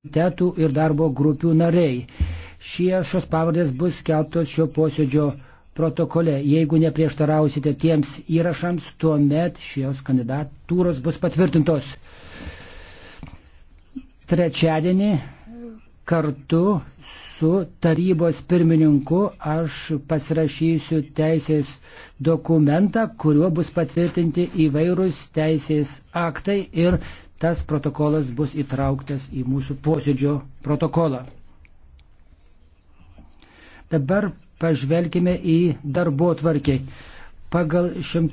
komitetų ir darbo grupių nariai. Šie šios pavardės bus skelbtos šio posėdžio protokole. Jeigu neprieštarausite tiems įrašams, tuomet šios kandidatūros bus patvirtintos. Trečiadienį kartu su tarybos pirmininku aš pasirašysiu teisės dokumentą, kuriuo bus patvirtinti įvairūs teisės aktai ir tas protokolas bus įtrauktas į mūsų posėdžio protokolą. Dabar pažvelkime į darbo tvarkį. Pagal 100.